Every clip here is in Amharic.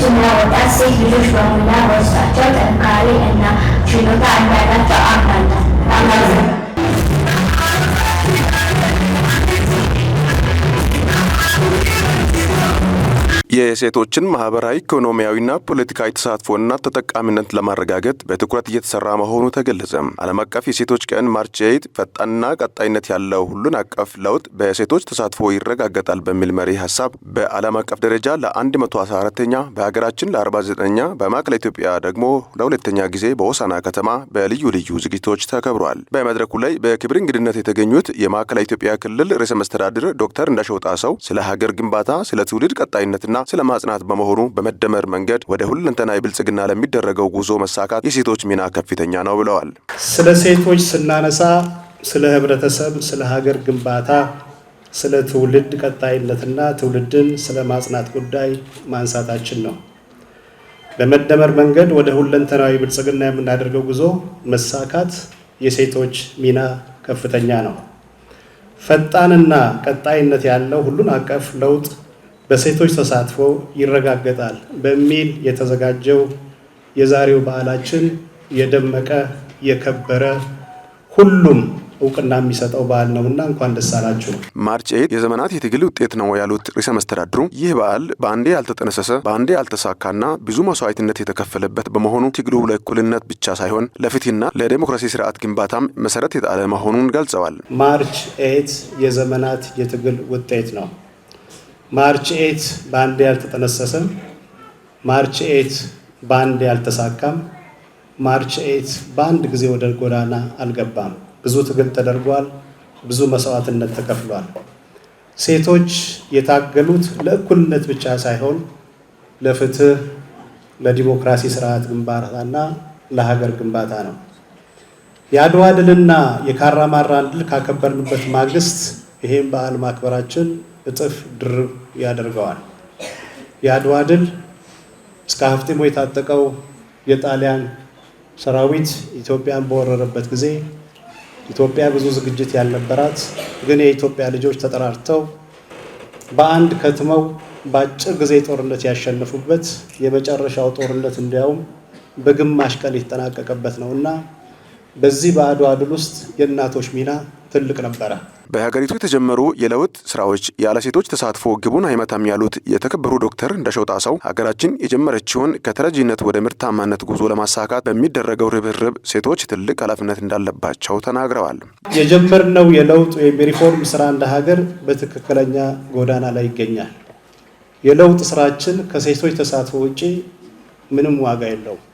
ሴቶችና ወጣት ሴት ልጆች በሙላ በውስጣቸው ጥንካሬ እና ችሎታ እንዳላቸው አምናለሁ። የሴቶችን ማህበራዊ፣ ኢኮኖሚያዊና ፖለቲካዊ ተሳትፎና ተጠቃሚነት ለማረጋገጥ በትኩረት እየተሰራ መሆኑ ተገለጸ። ዓለም አቀፍ የሴቶች ቀን ማርች ኤይት ፈጣንና ቀጣይነት ያለው ሁሉን አቀፍ ለውጥ በሴቶች ተሳትፎ ይረጋገጣል በሚል መሪ ሀሳብ በዓለም አቀፍ ደረጃ ለ114ኛ በሀገራችን ለ49ኛ በማዕከላ ኢትዮጵያ ደግሞ ለሁለተኛ ጊዜ በሆሳና ከተማ በልዩ ልዩ ዝግጅቶች ተከብሯል። በመድረኩ ላይ በክብር እንግድነት የተገኙት የማዕከላ ኢትዮጵያ ክልል ርዕሰ መስተዳድር ዶክተር እንዳሸውጣ ሰው ስለ ሀገር ግንባታ፣ ስለ ትውልድ ቀጣይነትና ስለ ማጽናት በመሆኑ በመደመር መንገድ ወደ ሁለንተና የብልጽግና ለሚደረገው ጉዞ መሳካት የሴቶች ሚና ከፍተኛ ነው ብለዋል። ስለ ሴቶች ስናነሳ ስለ ህብረተሰብ፣ ስለ ሀገር ግንባታ፣ ስለ ትውልድ ቀጣይነትና ትውልድን ስለ ማጽናት ጉዳይ ማንሳታችን ነው። በመደመር መንገድ ወደ ሁለንተናዊ ብልጽግና የምናደርገው ጉዞ መሳካት የሴቶች ሚና ከፍተኛ ነው። ፈጣንና ቀጣይነት ያለው ሁሉን አቀፍ ለውጥ በሴቶች ተሳትፎ ይረጋገጣል በሚል የተዘጋጀው የዛሬው በዓላችን የደመቀ የከበረ ሁሉም እውቅና የሚሰጠው በዓል ነውና እንኳን ደስ አላችሁ። ማርች ኤት የዘመናት የትግል ውጤት ነው ያሉት ርዕሰ መስተዳድሩ ይህ በዓል በአንዴ ያልተጠነሰሰ በአንዴ ያልተሳካና ብዙ መስዋዕትነት የተከፈለበት በመሆኑ ትግሉ ለእኩልነት ብቻ ሳይሆን ለፍትህና ለዴሞክራሲ ስርዓት ግንባታም መሰረት የጣለ መሆኑን ገልጸዋል። ማርች ኤት የዘመናት የትግል ውጤት ነው። ማርች ኤት በአንድ ያልተጠነሰሰም፣ ማርች ኤት በአንድ ያልተሳካም፣ ማርች ኤት በአንድ ጊዜ ወደ ጎዳና አልገባም። ብዙ ትግል ተደርጓል። ብዙ መስዋዕትነት ተከፍሏል። ሴቶች የታገሉት ለእኩልነት ብቻ ሳይሆን ለፍትህ፣ ለዲሞክራሲ ስርዓት ግንባታና ለሀገር ግንባታ ነው። የአድዋ ድልና የካራማራን ድል ካከበርንበት ማግስት ይሄን በዓል ማክበራችን እጥፍ ድርብ ያደርገዋል። የአድዋ ድል እስከ ሀፍቴሞ የታጠቀው የጣሊያን ሰራዊት ኢትዮጵያን በወረረበት ጊዜ ኢትዮጵያ ብዙ ዝግጅት ያልነበራት ግን የኢትዮጵያ ልጆች ተጠራርተው በአንድ ከትመው በአጭር ጊዜ ጦርነት ያሸነፉበት የመጨረሻው ጦርነት እንዲያውም በግማሽ ቀን የተጠናቀቀበት ነው እና በዚህ በአድዋ ድል ውስጥ የእናቶች ሚና ትልቅ ነበረ። በሀገሪቱ የተጀመሩ የለውጥ ስራዎች ያለ ሴቶች ተሳትፎ ግቡን አይመታም ያሉት የተከበሩ ዶክተር እንደሸውጣ ሰው ሀገራችን የጀመረችውን ከተረጂነት ወደ ምርታማነት ጉዞ ለማሳካት በሚደረገው ርብርብ ሴቶች ትልቅ ኃላፊነት እንዳለባቸው ተናግረዋል። የጀመርነው የለውጥ ወይም የሪፎርም ስራ እንደ ሀገር በትክክለኛ ጎዳና ላይ ይገኛል። የለውጥ ስራችን ከሴቶች ተሳትፎ ውጪ ምንም ዋጋ የለውም።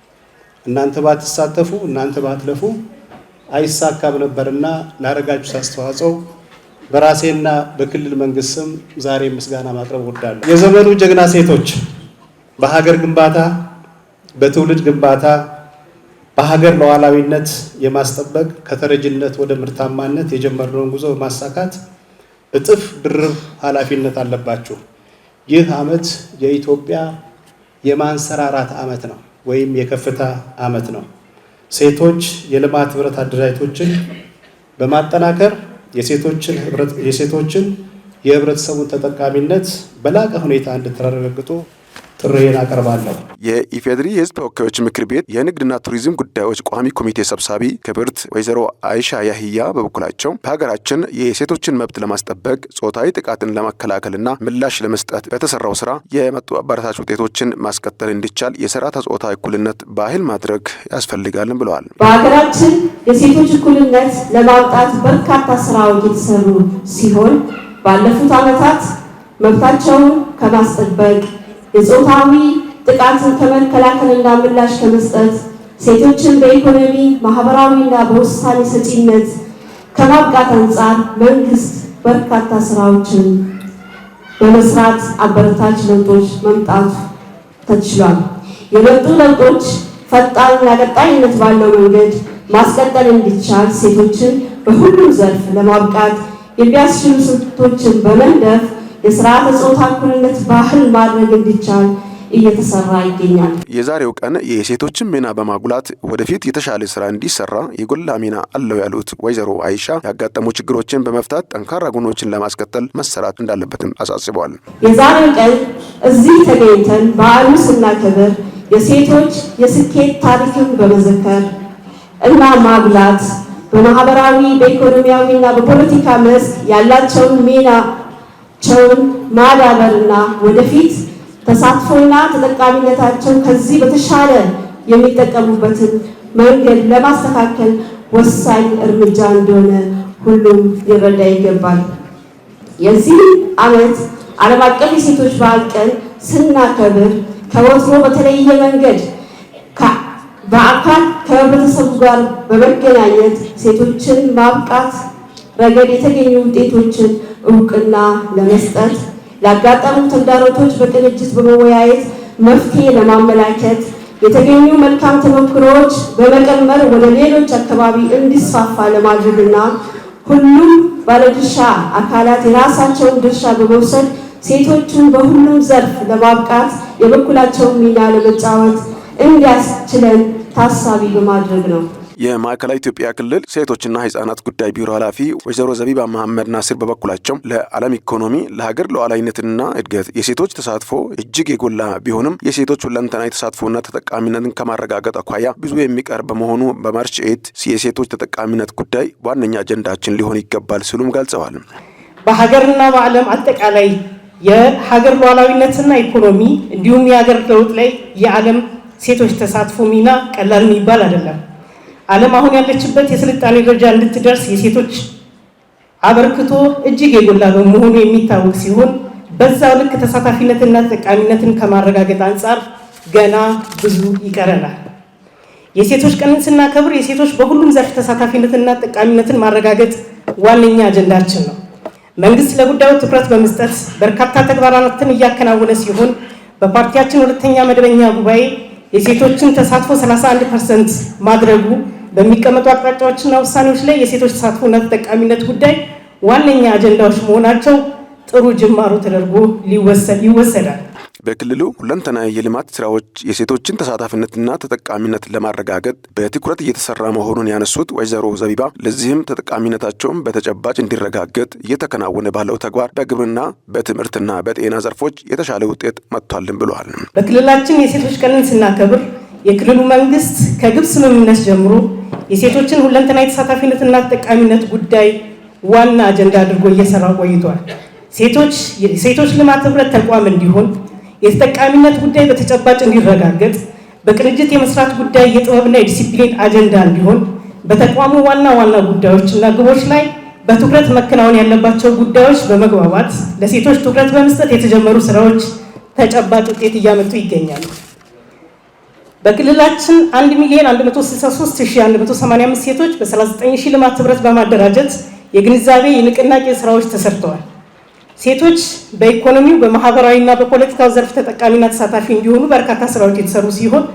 እናንተ ባትሳተፉ፣ እናንተ ባትለፉ አይሳካም ነበርና ላደረጋችሁት አስተዋጽኦ በራሴና በክልል መንግስት ስም ዛሬ ምስጋና ማቅረብ ወዳለሁ። የዘመኑ ጀግና ሴቶች በሀገር ግንባታ፣ በትውልድ ግንባታ፣ በሀገር ሉዓላዊነት የማስጠበቅ ከተረጅነት ወደ ምርታማነት የጀመርነውን ጉዞ በማሳካት እጥፍ ድርብ ኃላፊነት አለባችሁ። ይህ ዓመት የኢትዮጵያ የማንሰራራት ዓመት ነው ወይም የከፍታ ዓመት ነው። ሴቶች የልማት ህብረት አደራጅቶችን በማጠናከር የሴቶችን የህብረተሰቡን ተጠቃሚነት በላቀ ሁኔታ እንድተረጋግጡ ጥሬን አቀርባለሁ። የኢፌዴሪ የህዝብ ተወካዮች ምክር ቤት የንግድና ቱሪዝም ጉዳዮች ቋሚ ኮሚቴ ሰብሳቢ ክብርት ወይዘሮ አይሻ ያህያ በበኩላቸው በሀገራችን የሴቶችን መብት ለማስጠበቅ ጾታዊ ጥቃትን ለመከላከልና ምላሽ ለመስጠት በተሰራው ስራ የመጡ አበረታች ውጤቶችን ማስቀጠል እንዲቻል የስርዓተ ጾታ እኩልነት ባህል ማድረግ ያስፈልጋልን ብለዋል። በሀገራችን የሴቶች እኩልነት ለማምጣት በርካታ ስራዎች የተሰሩ ሲሆን ባለፉት ዓመታት መብታቸውን ከማስጠበቅ የጾታዊ ጥቃትን ከመከላከልና ምላሽ ከመስጠት ሴቶችን በኢኮኖሚ ማህበራዊና በውሳኔ ሰጪነት ከማብቃት አንጻር መንግስት በርካታ ስራዎችን በመስራት አበረታች ለውጦች መምጣት ተችሏል። የመጡ ለውጦች ፈጣንና ቀጣይነት ባለው መንገድ ማስቀጠል እንዲቻል ሴቶችን በሁሉም ዘርፍ ለማብቃት የሚያስችሉ ስልቶችን በመንደፍ የስርዓተ ጾታ እኩልነት ባህል ማድረግ እንዲቻል እየተሰራ ይገኛል። የዛሬው ቀን የሴቶችን ሚና በማጉላት ወደፊት የተሻለ ስራ እንዲሰራ የጎላ ሚና አለው ያሉት ወይዘሮ አይሻ ያጋጠሙ ችግሮችን በመፍታት ጠንካራ ጉኖችን ለማስከተል መሰራት እንዳለበትም አሳስበዋል። የዛሬው ቀን እዚህ ተገኝተን በዓሉን ስናከብር የሴቶች የስኬት ታሪክን በመዘከር እና ማጉላት በማህበራዊ በኢኮኖሚያዊና በፖለቲካ መስክ ያላቸውን ሚና ቸውን ማዳበርና ወደፊት ተሳትፎና ተጠቃሚነታቸው ከዚህ በተሻለ የሚጠቀሙበትን መንገድ ለማስተካከል ወሳኝ እርምጃ እንደሆነ ሁሉም ሊረዳ ይገባል። የዚህ ዓመት ዓለም አቀፍ የሴቶች በዓል ቀን ስናከብር ከወትሮ በተለየ መንገድ በአካል ከህብረተሰቡ ጋር በመገናኘት ሴቶችን ማብቃት ረገድ የተገኙ ውጤቶችን እውቅና ለመስጠት ያጋጠሙ ተግዳሮቶች በቅንጅት በመወያየት መፍትሄ ለማመላከት የተገኙ መልካም ተሞክሮዎች በመቀመር ወደ ሌሎች አካባቢ እንዲስፋፋ ለማድረግና ሁሉም ባለድርሻ አካላት የራሳቸውን ድርሻ በመውሰድ ሴቶችን በሁሉም ዘርፍ ለማብቃት የበኩላቸውን ሚና ለመጫወት እንዲያስችለን ታሳቢ በማድረግ ነው። የማዕከላዊ ኢትዮጵያ ክልል ሴቶችና ህጻናት ጉዳይ ቢሮ ኃላፊ ወይዘሮ ዘቢባ መሐመድ ናስር በበኩላቸው ለዓለም ኢኮኖሚ፣ ለሀገር ሉዓላዊነትና እድገት የሴቶች ተሳትፎ እጅግ የጎላ ቢሆንም የሴቶች ሁለንተናዊ ተሳትፎና ተጠቃሚነትን ከማረጋገጥ አኳያ ብዙ የሚቀር በመሆኑ በማርች ኤት የሴቶች ተጠቃሚነት ጉዳይ ዋነኛ አጀንዳችን ሊሆን ይገባል ሲሉም ገልጸዋል። በሀገርና በዓለም አጠቃላይ የሀገር ሉዓላዊነትና ኢኮኖሚ እንዲሁም የሀገር ለውጥ ላይ የዓለም ሴቶች ተሳትፎ ሚና ቀላል የሚባል አይደለም። ዓለም አሁን ያለችበት የስልጣኔ ደረጃ እንድትደርስ የሴቶች አበርክቶ እጅግ የጎላ በመሆኑ የሚታወቅ ሲሆን በዛው ልክ ተሳታፊነትና ተጠቃሚነትን ከማረጋገጥ አንጻር ገና ብዙ ይቀረናል። የሴቶች ቀንን ስናከብር የሴቶች በሁሉም ዘርፍ ተሳታፊነትና ጠቃሚነትን ማረጋገጥ ዋነኛ አጀንዳችን ነው። መንግስት ለጉዳዩ ትኩረት በመስጠት በርካታ ተግባራትን እያከናወነ ሲሆን በፓርቲያችን ሁለተኛ መደበኛ ጉባኤ የሴቶችን ተሳትፎ 31 ፐርሰንት ማድረጉ በሚቀመጡ አቅጣጫዎችና ውሳኔዎች ላይ የሴቶች ተሳትፎና ተጠቃሚነት ጉዳይ ዋነኛ አጀንዳዎች መሆናቸው ጥሩ ጅማሮ ተደርጎ ይወሰዳል። በክልሉ ሁለንተናዊ የልማት ስራዎች የሴቶችን ተሳታፊነትና ተጠቃሚነት ለማረጋገጥ በትኩረት እየተሰራ መሆኑን ያነሱት ወይዘሮ ዘቢባ ለዚህም ተጠቃሚነታቸውን በተጨባጭ እንዲረጋገጥ እየተከናወነ ባለው ተግባር በግብርና በትምህርትና በጤና ዘርፎች የተሻለ ውጤት መጥቷልን ብለዋል። በክልላችን የሴቶች ቀንን ስናከብር የክልሉ መንግስት ከግብ ስምምነት ጀምሮ የሴቶችን ሁለንተናዊ የተሳታፊነትና ተጠቃሚነት ጉዳይ ዋና አጀንዳ አድርጎ እየሰራ ቆይቷል። ሴቶች ልማት ህብረት ተቋም እንዲሆን የተጠቃሚነት ጉዳይ በተጨባጭ እንዲረጋገጥ በቅንጅት የመስራት ጉዳይ የጥበብና የዲሲፕሊን አጀንዳ እንዲሆን በተቋሙ ዋና ዋና ጉዳዮች እና ግቦች ላይ በትኩረት መከናወን ያለባቸው ጉዳዮች በመግባባት ለሴቶች ትኩረት በመስጠት የተጀመሩ ስራዎች ተጨባጭ ውጤት እያመጡ ይገኛሉ። በክልላችን 1 ሚሊዮን 163185 ሴቶች በ39 ሺህ ልማት ህብረት በማደራጀት የግንዛቤ የንቅናቄ ስራዎች ተሰርተዋል። ሴቶች በኢኮኖሚው በማህበራዊና በፖለቲካው ዘርፍ ተጠቃሚና ተሳታፊ እንዲሆኑ በርካታ ስራዎች የተሰሩ ሲሆን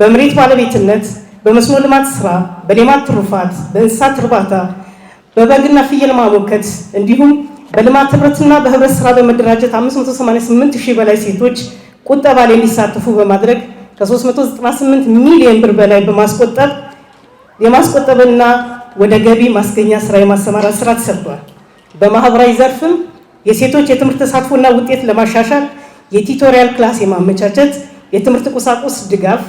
በመሬት ባለቤትነት፣ በመስኖ ልማት ስራ፣ በሌማት ትሩፋት፣ በእንስሳት እርባታ፣ በበግና ፍየል ማሞከት እንዲሁም በልማት ህብረትና በህብረት ስራ በመደራጀት 588 ሺህ በላይ ሴቶች ቁጠባ ላይ እንዲሳተፉ በማድረግ ከ398 ሚሊዮን ብር በላይ በማስቆጠብ የማስቆጠብና ወደ ገቢ ማስገኛ ስራ የማሰማራት ስራ ተሰርቷል። በማህበራዊ ዘርፍም የሴቶች የትምህርት ተሳትፎና ውጤት ለማሻሻል የቲቶሪያል ክላስ የማመቻቸት የትምህርት ቁሳቁስ ድጋፍ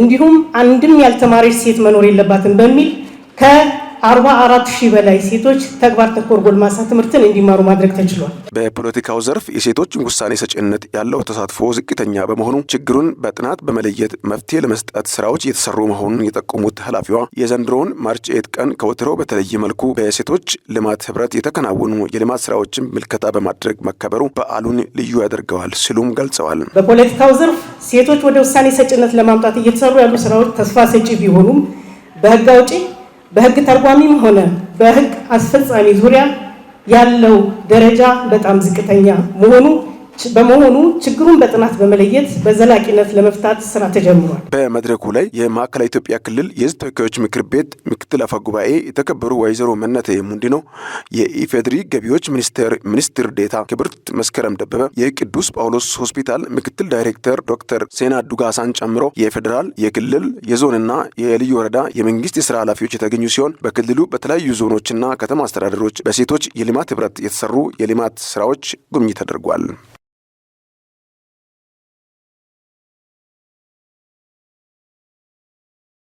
እንዲሁም አንድም ያልተማረች ሴት መኖር የለባትም በሚል ከ ከ44 ሺህ በላይ ሴቶች ተግባር ተኮር ጎልማሳ ትምህርትን እንዲማሩ ማድረግ ተችሏል። በፖለቲካው ዘርፍ የሴቶችን ውሳኔ ሰጭነት ያለው ተሳትፎ ዝቅተኛ በመሆኑ ችግሩን በጥናት በመለየት መፍትሄ ለመስጠት ስራዎች እየተሰሩ መሆኑን የጠቆሙት ኃላፊዋ የዘንድሮውን ማርች ኤት ቀን ከወትሮ በተለየ መልኩ በሴቶች ልማት ህብረት የተከናወኑ የልማት ስራዎችን ምልከታ በማድረግ መከበሩ በዓሉን ልዩ ያደርገዋል ሲሉም ገልጸዋል። በፖለቲካው ዘርፍ ሴቶች ወደ ውሳኔ ሰጭነት ለማምጣት እየተሰሩ ያሉ ስራዎች ተስፋ ሰጪ ቢሆኑም በህግ አውጪ በህግ ተርጓሚም ሆነ በህግ አስፈጻሚ ዙሪያ ያለው ደረጃ በጣም ዝቅተኛ መሆኑ በመሆኑ ችግሩን በጥናት በመለየት በዘላቂነት ለመፍታት ስራ ተጀምሯል። በመድረኩ ላይ የማዕከላዊ ኢትዮጵያ ክልል የሕዝብ ተወካዮች ምክር ቤት ምክትል አፈ ጉባኤ የተከበሩ ወይዘሮ መነተ ሙንዲኖ፣ የኢፌድሪ ገቢዎች ሚኒስቴር ሚኒስትር ዴታ ክብርት መስከረም ደበበ፣ የቅዱስ ጳውሎስ ሆስፒታል ምክትል ዳይሬክተር ዶክተር ሴና ዱጋሳን ጨምሮ የፌዴራል የክልል የዞንና የልዩ ወረዳ የመንግስት የስራ ኃላፊዎች የተገኙ ሲሆን በክልሉ በተለያዩ ዞኖችና ከተማ አስተዳደሮች በሴቶች የልማት ህብረት የተሰሩ የልማት ስራዎች ጉብኝት ተደርጓል።